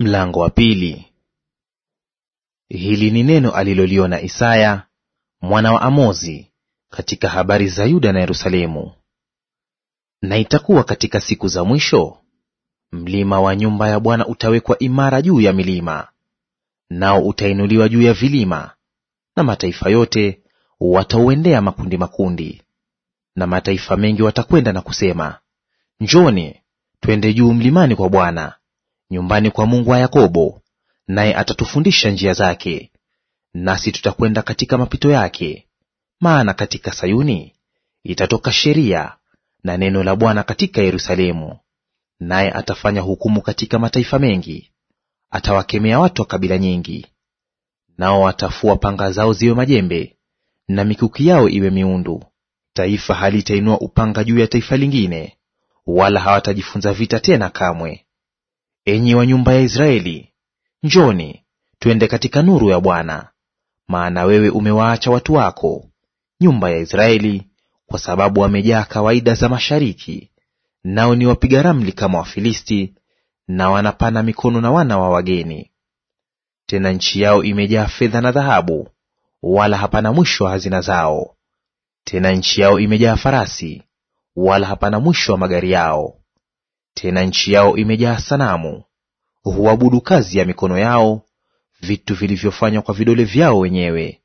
Mlango wa pili. Hili ni neno aliloliona Isaya mwana wa Amozi katika habari za Yuda na Yerusalemu. Na itakuwa katika siku za mwisho, mlima wa nyumba ya Bwana utawekwa imara juu ya milima, nao utainuliwa juu ya vilima, na mataifa yote watauendea makundi makundi, na mataifa mengi watakwenda na kusema, njoni twende juu mlimani kwa Bwana nyumbani kwa Mungu wa Yakobo, naye atatufundisha njia zake, nasi tutakwenda katika mapito yake. Maana katika Sayuni itatoka sheria na neno la Bwana katika Yerusalemu. Naye atafanya hukumu katika mataifa mengi, atawakemea watu wa kabila nyingi. Nao watafua panga zao ziwe majembe na mikuki yao iwe miundu. Taifa halitainua upanga juu ya taifa lingine, wala hawatajifunza vita tena kamwe. Enyi wa nyumba ya Israeli, njoni twende katika nuru ya Bwana. Maana wewe umewaacha watu wako, nyumba ya Israeli, kwa sababu wamejaa kawaida za mashariki, nao ni wapiga ramli kama Wafilisti, na wanapana mikono na wana wa wageni. Tena nchi yao imejaa fedha na dhahabu, wala hapana mwisho wa hazina zao. Tena nchi yao imejaa farasi, wala hapana mwisho wa magari yao. Tena nchi yao imejaa sanamu, huabudu kazi ya mikono yao, vitu vilivyofanywa kwa vidole vyao wenyewe.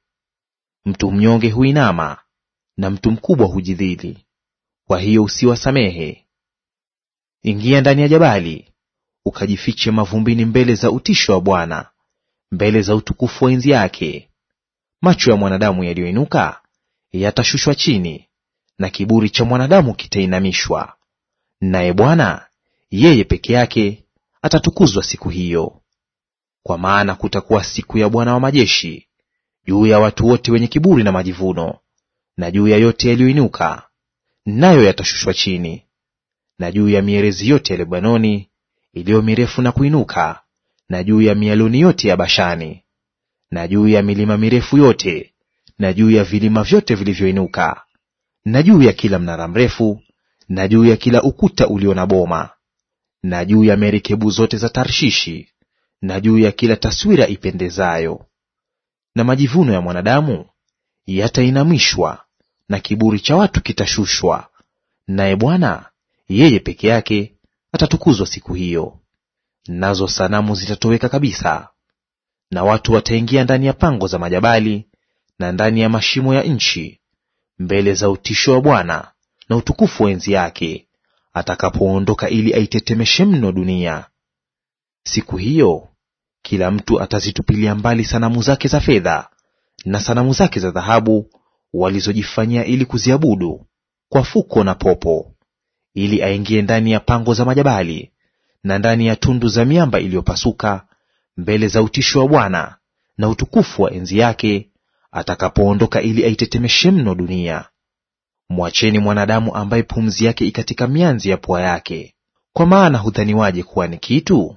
Mtu mnyonge huinama na mtu mkubwa hujidhili, kwa hiyo usiwasamehe. Ingia ndani ya jabali, ukajifiche mavumbini, mbele za utisho wa Bwana, mbele za utukufu wa enzi yake. Macho ya mwanadamu yaliyoinuka yatashushwa chini, na kiburi cha mwanadamu kitainamishwa, naye Bwana yeye peke yake atatukuzwa siku hiyo. Kwa maana kutakuwa siku ya Bwana wa majeshi juu ya watu wote wenye kiburi na majivuno, na juu ya yote yaliyoinuka, nayo yatashushwa chini, na juu ya mierezi yote ya Lebanoni iliyo mirefu na kuinuka, na juu ya mialoni yote ya Bashani, na juu ya milima mirefu yote, na juu ya vilima vyote vilivyoinuka, na juu ya kila mnara mrefu, na juu ya kila ukuta ulio na boma, na juu ya merikebu zote za Tarshishi, na juu ya kila taswira ipendezayo. Na majivuno ya mwanadamu yatainamishwa, na kiburi cha watu kitashushwa, naye Bwana yeye peke yake atatukuzwa siku hiyo. Nazo sanamu zitatoweka kabisa, na watu wataingia ndani ya pango za majabali na ndani ya mashimo ya nchi, mbele za utisho wa Bwana na utukufu wa enzi yake, atakapoondoka ili aitetemeshe mno dunia. Siku hiyo kila mtu atazitupilia mbali sanamu zake za fedha na sanamu zake za dhahabu walizojifanyia ili kuziabudu kwa fuko na popo, ili aingie ndani ya pango za majabali na ndani ya tundu za miamba iliyopasuka, mbele za utisho wa Bwana na utukufu wa enzi yake, atakapoondoka ili aitetemeshe mno dunia. Mwacheni mwanadamu ambaye pumzi yake ikatika mianzi ya pua yake. Kwa maana hudhaniwaje kuwa ni kitu?